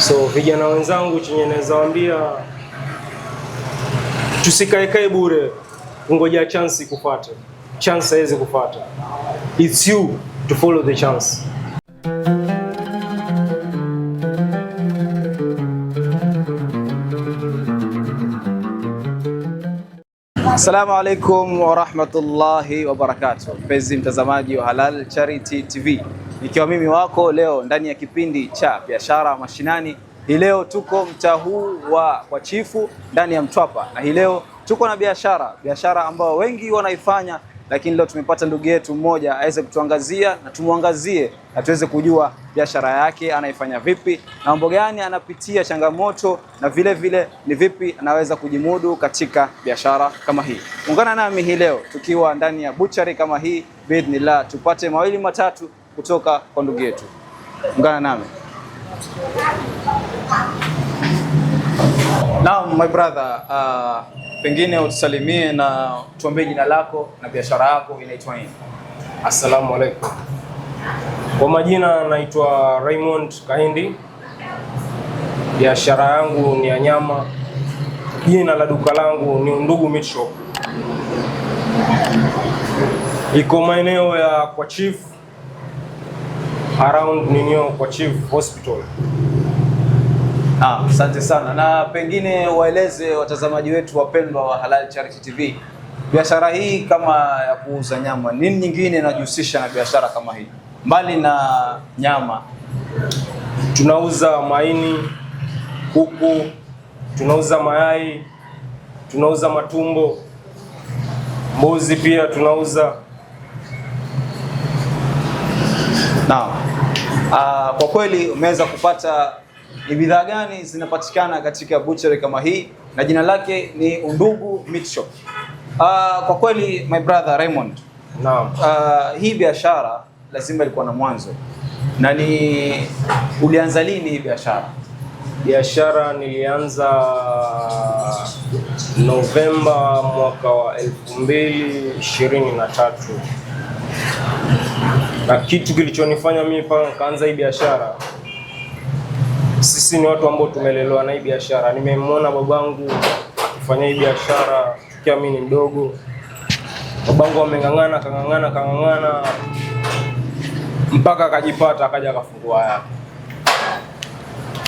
So vijana wenzangu, chenye naweza waambia tusikaekae bure kungoja chance ikupate. Chance haiwezi kupata, it's you to follow the chance. Assalamu alaikum warahmatullahi wabarakatuh, mpenzi mtazamaji wa Halal Charity TV nikiwa mimi wako leo ndani ya kipindi cha biashara mashinani. Hii leo tuko mtaa huu wa kwa Chifu ndani ya Mtwapa, na hii leo tuko na biashara biashara ambayo wengi wanaifanya, lakini leo tumepata ndugu yetu mmoja aweze kutuangazia na tumwangazie na tuweze kujua biashara yake anaifanya vipi na mambo gani anapitia changamoto, na vile vile ni vipi anaweza kujimudu katika biashara kama hii. Ungana nami hii leo tukiwa ndani ya buchari kama hii, bidhnillah, tupate mawili matatu kutoka kwa ndugu yetu. Ungana nami. Naam, my brother, uh, pengine utusalimie na tuambie jina lako na biashara yako inaitwa nini? Assalamu alaikum. Kwa majina naitwa Raymond Kahindi, biashara yangu ni ya nyama, jina la duka langu ni Undugu Meat Shop, iko maeneo ya kwa chief around ninio kwa Chief Hospital. Ah, asante sana na pengine waeleze watazamaji wetu wapendwa wa Halal Charity TV biashara hii kama ya kuuza nyama, nini nyingine inajihusisha na biashara kama hii mbali na nyama? Tunauza maini, kuku, tunauza mayai, tunauza matumbo, mbuzi pia tunauza. Naam. Aa, ah, kwa kweli umeweza kupata ni bidhaa gani zinapatikana katika butchery kama hii, na jina lake ni Undugu Meat Shop. Aa, ah, kwa kweli my brother Raymond. Naam. Aa, ah, hii biashara lazima ilikuwa na mwanzo na ni ulianza lini hii biashara? Biashara nilianza Novemba mwaka wa 2023 na kitu kilichonifanya mimi mpaka nikaanza hii biashara, sisi ni watu ambao tumelelewa na hii biashara. Nimemwona babangu akifanya hii biashara tukiwa mimi ni mdogo. Babangu ameng'ang'ana kang'ang'ana kang'ang'ana mpaka akajipata, akaja akafungua yake,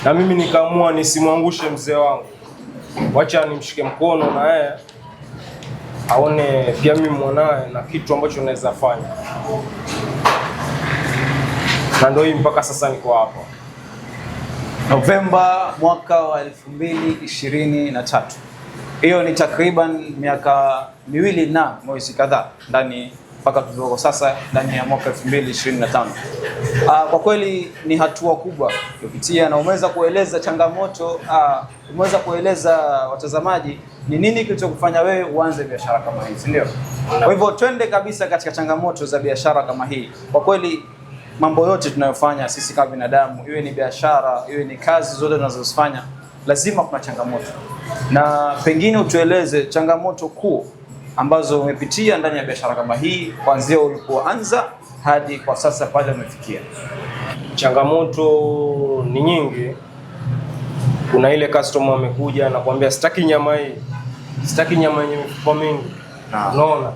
na mimi nikaamua nisimwangushe mzee wangu, wacha nimshike mkono na yeye aone pia mimi mwanae na kitu ambacho naweza fanya na ndio hii mpaka sasa niko hapa. Novemba mwaka wa 2023. Hiyo ni takriban miaka miwili na mwezi kadhaa ndani mpaka tulioko sasa ndani ya mwaka 2025. Ah, kwa kweli ni hatua kubwa kupitia na umeweza kueleza changamoto, ah, umeweza kueleza watazamaji ni nini kilichokufanya wewe uanze biashara kama hii, si ndio? Kwa hivyo twende kabisa katika changamoto za biashara kama hii. Kwa kweli mambo yote tunayofanya sisi kama binadamu, iwe ni biashara, iwe ni kazi zote tunazozifanya, lazima kuna changamoto. Na pengine utueleze changamoto kuu ambazo umepitia ndani ya biashara kama hii, kuanzia ulipoanza hadi kwa sasa pale umefikia. Changamoto ni nyingi. Kuna ile customer amekuja nakuambia sitaki nyama hii, sitaki nyama yenye mifupa mingi, ah. unaona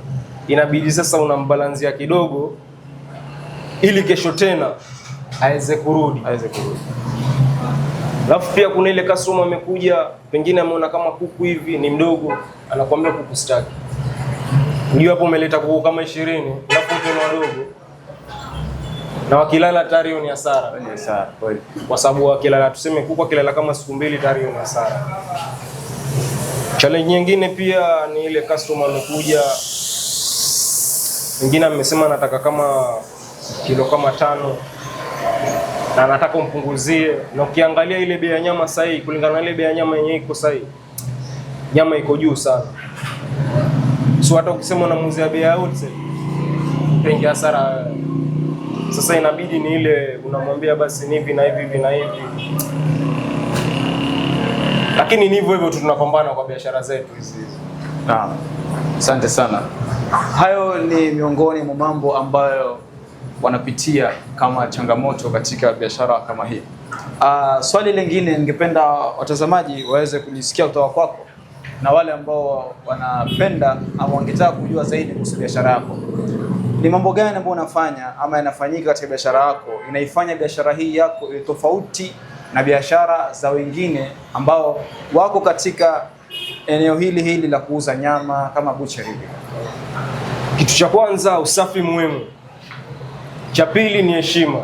inabidi sasa unambalanzia kidogo ili kesho tena aweze kurudi, aweze kurudi. Alafu pia kuna ile customer amekuja, pengine ameona kama kuku hivi ni mdogo, anakuambia kuku staki. Ndio hapo umeleta kuku kama 20, alafu ni wadogo. Na wakilala tayari ni hasara. Ni hasara Kwa sababu wakilala tuseme kuku wakilala kama siku mbili tayari ni hasara. Challenge nyingine pia ni ile customer amekuja, pengine amesema anataka kama kilo kama tano na nataka umpunguzie. Na ukiangalia ile bei ya nyama sasa kulingana na ile bei ya nyama yenyewe iko sasa nyama iko juu sana, so hata ukisema unamuuzia bei ya wote hasara. Sasa inabidi ni ile unamwambia basi ni hivi na hivi hivi na hivi, lakini ni hivyo hivyo tu, tunapambana kwa biashara zetu hizi. Naam, asante sana. Hayo ni miongoni mwa mambo ambayo wanapitia kama changamoto katika biashara kama hii. Uh, swali lingine ningependa watazamaji waweze kulisikia kutoka kwako na wale ambao wanapenda ama wangetaka kujua zaidi kuhusu biashara yako, ni mambo gani ambayo unafanya ama yanafanyika katika biashara yako inaifanya biashara hii yako tofauti na biashara za wengine ambao wako katika eneo hili hili la kuuza nyama kama bucha hivi? Kitu cha kwanza, usafi muhimu cha pili ni heshima.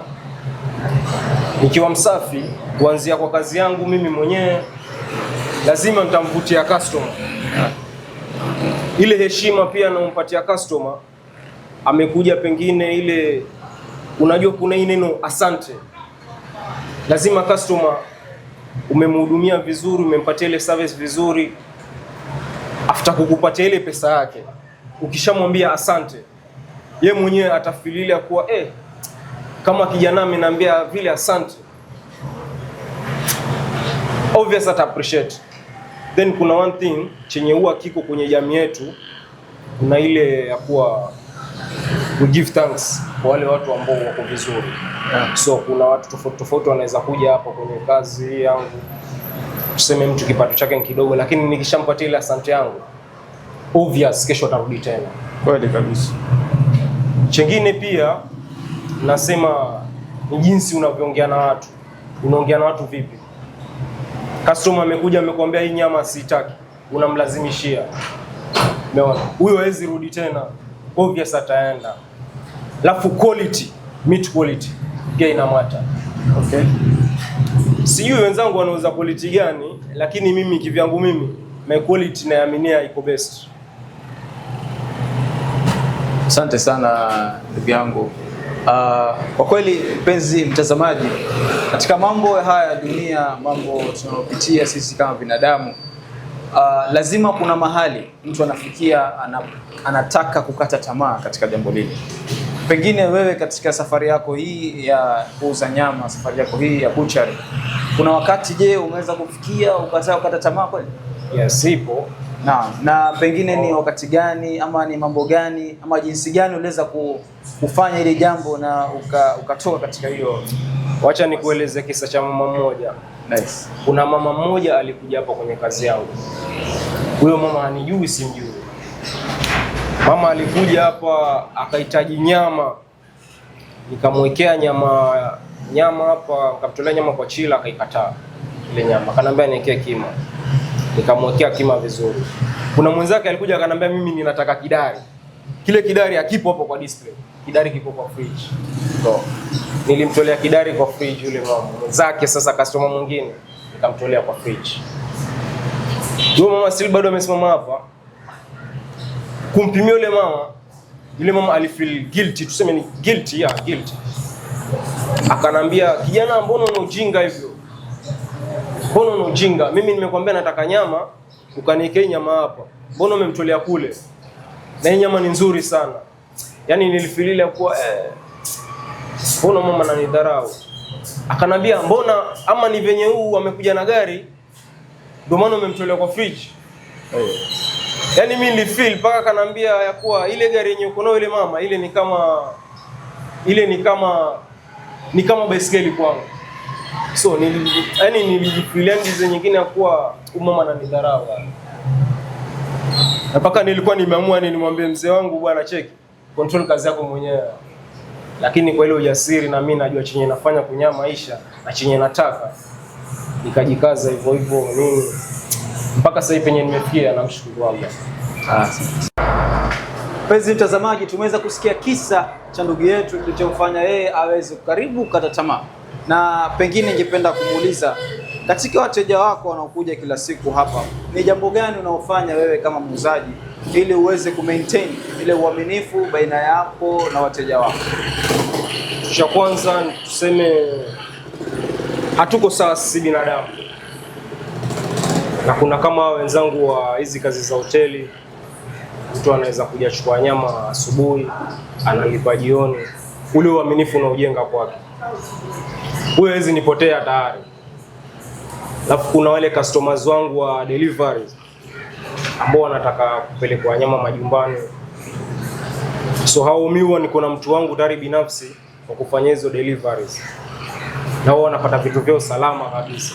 Nikiwa msafi kuanzia kwa kazi yangu mimi mwenyewe, lazima nitamvutia customer. Ile heshima pia nampatia customer, amekuja pengine ile, unajua kuna hii neno asante, lazima customer umemhudumia vizuri, umempatia ile service vizuri, after kukupatia ile pesa yake, ukishamwambia asante, ye mwenyewe atafililia kuwa eh, kama kijana naambia vile asante, obvious ata appreciate. Then kuna one thing chenye huwa kiko kwenye jamii yetu, kuna ile ya kuwa we give thanks kwa wale watu ambao wako vizuri yeah. So kuna watu tofauti tofauti wanaweza kuja hapa kwenye kazi yangu, tuseme mtu kipato chake ni kidogo, lakini nikishampatia ile asante yangu obvious, kesho atarudi tena. Kweli kabisa. Chengine pia nasema ni jinsi unavyoongea na watu. Unaongea na watu vipi? Customer amekuja amekuambia hii nyama sitaki, unamlazimishia. Umeona? Huyo hawezi rudi tena, obvious ataenda. Alafu quality, meat quality pia inamata. Okay. Sijui wenzangu wanauza quality gani, lakini mimi kivyangu mimi my quality naaminia iko best. Asante sana ndugu yangu. Uh, kwa kweli mpenzi mtazamaji, katika mambo haya ya dunia, mambo tunayopitia sisi kama binadamu uh, lazima kuna mahali mtu anafikia anap, anataka kukata tamaa katika jambo lile. Pengine wewe katika safari yako hii ya kuuza nyama, safari yako hii ya buchari, kuna wakati je, umeweza kufikia ukataa kukata tamaa kweli? Yes, ipo. Na, na pengine ni wakati gani ama ni mambo gani ama jinsi gani uliweza kufanya ile jambo na ukatoka uka katika hiyo? Wacha nikueleze kisa cha mama mmoja. Nice. Kuna mama mmoja alikuja hapa kwenye kazi yangu. Huyo mama hanijui, simjui. Mama alikuja hapa akahitaji nyama, nikamwekea nyama nyama hapa, nikamtolea nyama kwa chila, akaikataa ile nyama, akanambia niwekee kima nikamwekea kima vizuri. Kuna mwenzake alikuja akanambia, mimi ninataka kidari. Kile kidari hakipo hapo kwa display, kidari kipo kwa fridge. So, Nilimtolea kidari kwa fridge yule mama mwenzake. Sasa customer mwingine nikamtolea kwa fridge. Yule mama still bado amesimama hapa kumpimia yule mama. Yule mama alifeel guilty, tuseme ni guilty, yeah, guilty. Akanambia, kijana, mbona una hivyo? Mbona ni ujinga? Mimi nimekwambia nataka nyama, ukaniwekea nyama hapa. Mbona umemtolea kule? Na hii nyama ni nzuri sana. Yaani nilifililia kuwa eh, mbona mama ananidharau? Akanambia mbona ama ni venye huu amekuja na gari ndio maana umemtolea kwa fridge. Hey. Eh. Yaani mimi nilifeel mpaka kanambia ya kuwa ile gari yenye uko nayo ile mama ile ni kama ile ni kama ni kama baiskeli kwangu. So yaani nilijifilia ndizo nyingine ya kuwa umama na nidharau, na mpaka nilikuwa nimeamua ni nimwambie mzee wangu, bwana cheki, control kazi yako mwenyewe, lakini kwa ile ujasiri, na mimi najua chenye nafanya kunya maisha na chenye nataka, nikajikaza hivyo hivyo nini mpaka sasa hivi penye nimefikia, namshukuru Allah. Mpenzi mtazamaji, tumeweza kusikia kisa cha ndugu yetu kilichomfanya yeye aweze karibu kata tamaa na pengine ningependa kumuuliza katika wateja wako wanaokuja kila siku hapa, ni jambo gani unaofanya wewe kama muuzaji ili uweze ku ile uaminifu baina yako na wateja wako? Cha kwanza tuseme hatuko sawa sisi binadamu, na kuna kama wenzangu wa hizi kazi za hoteli, mtu anaweza kuja chukua nyama asubuhi, analipa jioni. Ule uaminifu unaojenga kwake huyo hezi nipotea tayari. Alafu kuna wale customers wangu wa delivery ambao wanataka kupeleka wanyama majumbani, so hao miwa, niko na mtu wangu tayari binafsi wa kufanya hizo deliveries, na wao wanapata vitu vyao salama kabisa.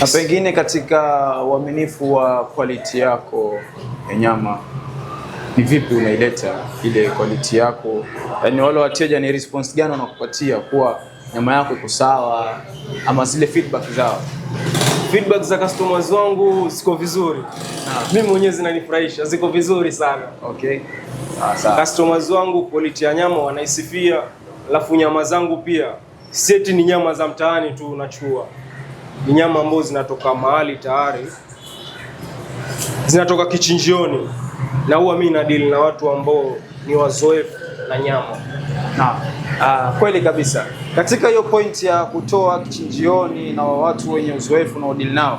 Na pengine katika uaminifu wa quality yako ya nyama ni vipi unaileta ile quality yako, yani wale wateja ni response gani wanakupatia kuwa nyama yako iko sawa, ama zile feedback zao? Feedback za customers wangu ziko vizuri nah. Mimi mwenyewe zinanifurahisha, ziko vizuri sana okay. Nah, sawa. Customers wangu quality ya nyama wanaisifia, alafu nyama zangu pia seti ni nyama za mtaani tu, unachua ni nyama ambazo zinatoka mahali tayari, zinatoka kichinjioni na huwa mimi nadili na watu ambao ni wazoefu na nyama na. Ah, kweli kabisa katika hiyo point ya kutoa kichinjioni na watu wenye uzoefu na udili nao,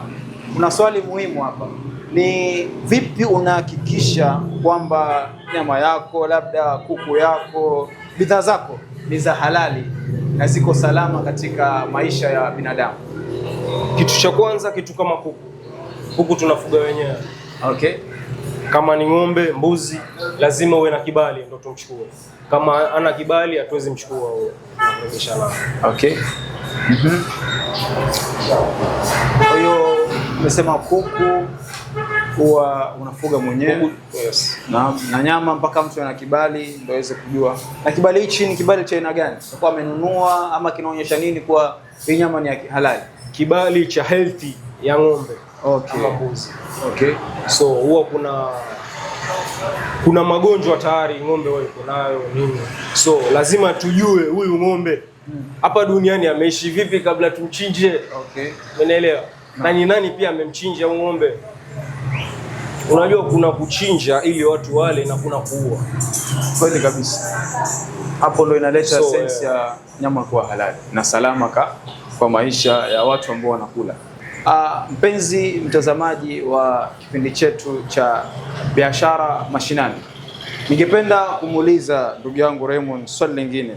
kuna swali muhimu hapa ni vipi unahakikisha kwamba nyama yako labda kuku yako bidhaa zako ni za halali na ziko salama katika maisha ya binadamu? Kitu cha kwanza, kitu kama kuku, kuku tunafuga wenyewe okay. Kama ni ng'ombe, mbuzi, lazima uwe na kibali ndio tumchukue. Kama ana kibali hatuwezi mchukua huyo. Okay. Mhm. Kwa hiyo umesema kuku huwa unafuga mwenyewe yes. Na, na nyama mpaka mtu ana kibali ndio aweze kujua. Na kibali hichi ni kibali cha aina gani? Kwa amenunua ama kinaonyesha nini kwa hii nyama ni halali? Kibali cha healthy ya ng'ombe okay. ama mbuzi okay. So huwa kuna kuna magonjwa tayari ng'ombe wao yuko nayo nini, so lazima tujue huyu ng'ombe hapa hmm. duniani ameishi vipi kabla tumchinje, okay. Umeelewa? No. na ni nani pia amemchinja huyu ng'ombe. Unajua kuna kuchinja ili watu wale na kuna kuua. Kweli kabisa, hapo ndo inaleta so, sense ya eh. nyama kuwa halali na salama ka kwa maisha ya watu ambao wanakula. Uh, mpenzi mtazamaji wa kipindi chetu cha biashara mashinani, ningependa kumuuliza ndugu yangu Raymond swali lingine.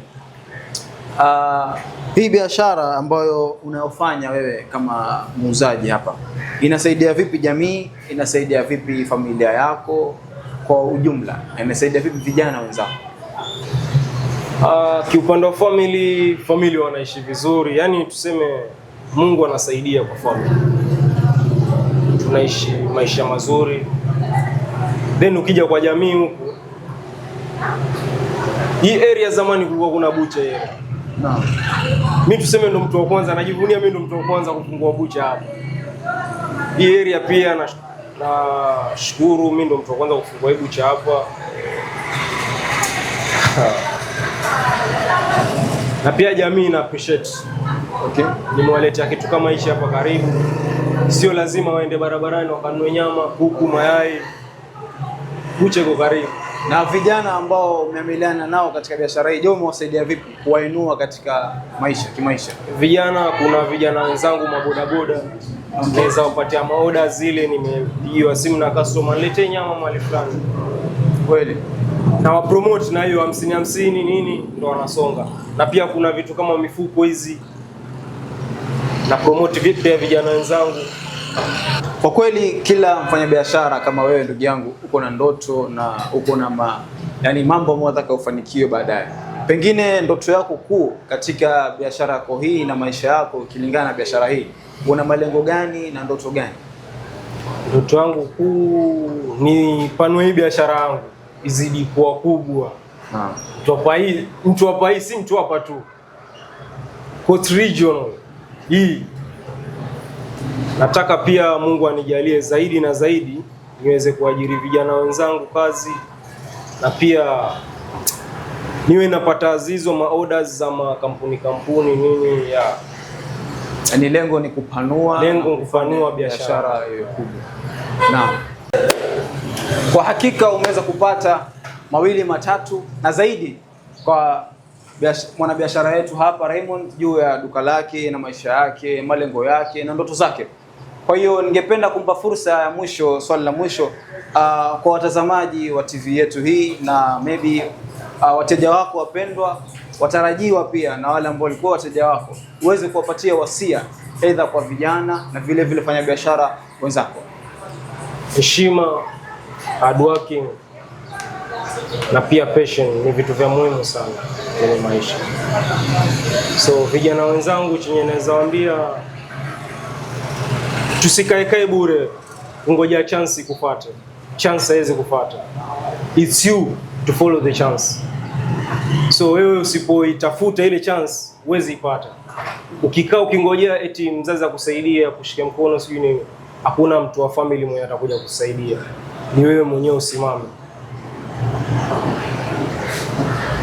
Uh, hii biashara ambayo unayofanya wewe kama muuzaji hapa inasaidia vipi jamii? Inasaidia vipi familia yako kwa ujumla? Inasaidia vipi vijana wenzako? Uh, kiupande wa family, family wanaishi vizuri, yani tuseme Mungu anasaidia kwa familia, tunaishi maisha mazuri. Then ukija kwa jamii huku hii area, zamani kulikuwa kuna bucha yeye. Naam. Mimi tuseme ndo mtu wa kwanza, najivunia mimi ndo mtu wa kwanza kufungua bucha hapa hii area. Pia na nashukuru mimi ndo mtu wa kwanza kufungua hii bucha hapa na pia jamii na appreciate Okay. Nimewaletea kitu kama hichi hapa karibu, sio lazima waende barabarani wakanunue nyama, kuku, mayai, kuche kwa karibu. Na vijana ambao umeamiliana nao katika biashara hii, je, umewasaidia vipi kuwainua katika maisha kimaisha? Vijana, kuna vijana wenzangu mabodaboda naweza kupatia maoda zile, nimepigiwa simu na customer, nilete nyama mali fulani, kweli na wapromote na hiyo hamsini hamsini nini, ndo wanasonga. Na pia kuna vitu kama mifuko hizi na promote vipi ya vijana wenzangu. Kwa kweli kila mfanyabiashara kama wewe ndugu yangu, uko na ndoto na uko na ma, yani mambo ambayo unataka ufanikiwe baadaye. Pengine ndoto yako kuu katika biashara yako hii na maisha yako kilingana na biashara hii, una malengo gani na ndoto gani? Ndoto yangu kuu ni panue hii biashara yangu izidi kuwa kubwa. Ah. Mtu hapa hii, mtu hapa hii si mtu hapa tu. Coast regional hii. Nataka pia Mungu anijalie zaidi na zaidi niweze kuajiri vijana wenzangu kazi na pia niwe napata azizo maorders za makampuni kampuni nini ya ni yaani lengo ni kupanua lengo kupanua biashara kubwa. Na kwa hakika umeweza kupata mawili matatu na zaidi kwa mwanabiashara yetu hapa Raymond juu ya duka lake na maisha yake, malengo yake na ndoto zake. Kwa hiyo ningependa kumpa fursa ya mwisho, swali la mwisho uh, kwa watazamaji wa TV yetu hii na maybe uh, wateja wako wapendwa, watarajiwa pia na wale ambao walikuwa wateja wako, uweze kuwapatia wasia aidha kwa vijana na vile vile fanya biashara wenzako. Heshima, hard working na pia passion ni vitu vya muhimu sana kwenye maisha. So vijana wenzangu, chenye naweza waambia, tusikaekae bure kungoja chance ikupate. Chance haiwezi kupata, it's you to follow the chance. So wewe usipoitafuta ile chance huwezi ipata. Ukikaa ukingojea eti mzazi akusaidia akushike mkono sijui nini, hakuna mtu wa family mwenye atakuja kusaidia, ni wewe mwenyewe usimame.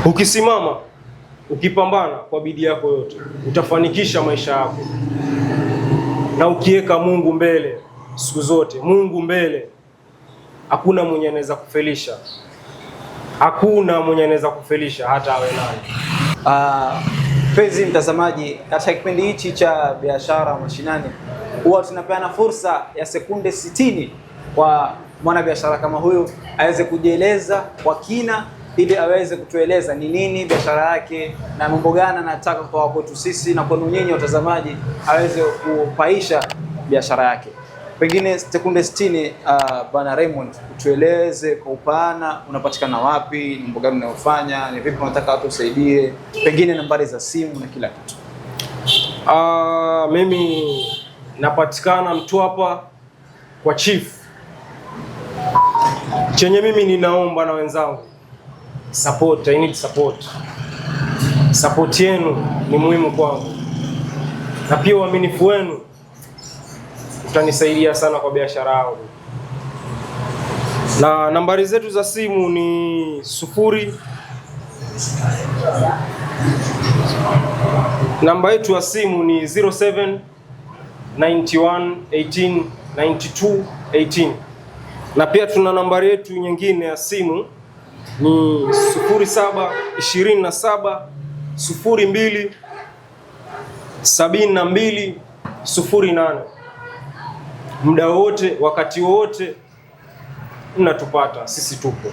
Ukisimama ukipambana kwa bidii yako yote utafanikisha maisha yako, na ukiweka Mungu mbele siku zote, Mungu mbele, hakuna mwenye anaweza kufelisha, hakuna mwenye anaweza kufelisha hata awe nani. Ah, mpenzi uh, mtazamaji, katika kipindi hichi cha biashara mashinani huwa tunapeana fursa ya sekunde sitini kwa mwanabiashara kama huyu aweze kujieleza kwa kina ili aweze kutueleza ni nini biashara yake na mambo gani anataka kwa kwetu sisi na kwenu nyinyi watazamaji, aweze kupaisha biashara yake. Pengine sekunde 60, uh, Bwana Raymond, utueleze kwa upana, unapatikana wapi, mambo gani unayofanya, ni vipi unataka watu usaidie, pengine nambari za simu na kila kitu. Uh, mimi napatikana Mtwapa kwa chief chenye mimi ninaomba na wenzangu support, I need support. Support yenu ni muhimu kwangu, na pia uaminifu wenu utanisaidia sana kwa biashara yangu. Na nambari zetu za simu ni sufuri, namba yetu ya simu ni 07 91 18 92 18, na pia tuna nambari yetu nyingine ya simu ni 07 27 02 Muda wowote, wakati wowote mnatupata, sisi tupo.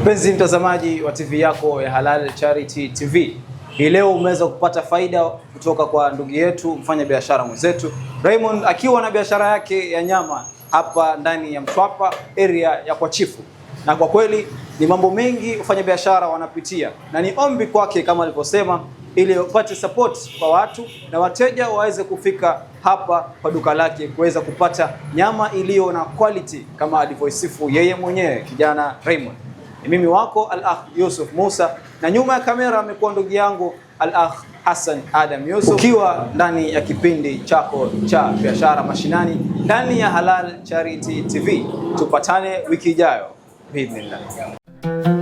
Mpenzi mtazamaji wa TV yako ya Halal Charity TV, hii leo umeweza kupata faida kutoka kwa ndugu yetu mfanya biashara mwenzetu Raymond akiwa na biashara yake ya nyama hapa ndani ya Mtwapa area ya kwa chifu, na kwa kweli ni mambo mengi wafanyabiashara wanapitia, na ni ombi kwake kama alivyosema, ili upate support kwa watu na wateja waweze kufika hapa kwa duka lake kuweza kupata nyama iliyo na quality kama alivyoisifu yeye mwenyewe kijana Raymond. Ni mimi wako Al-Akh Yusuf Musa, na nyuma ya kamera amekuwa ndugu yangu Al-Akh Hassan Adam Yusuf, ukiwa ndani ya kipindi chako cha biashara mashinani ndani ya Halal Charity TV. Tupatane wiki ijayo, bismillah.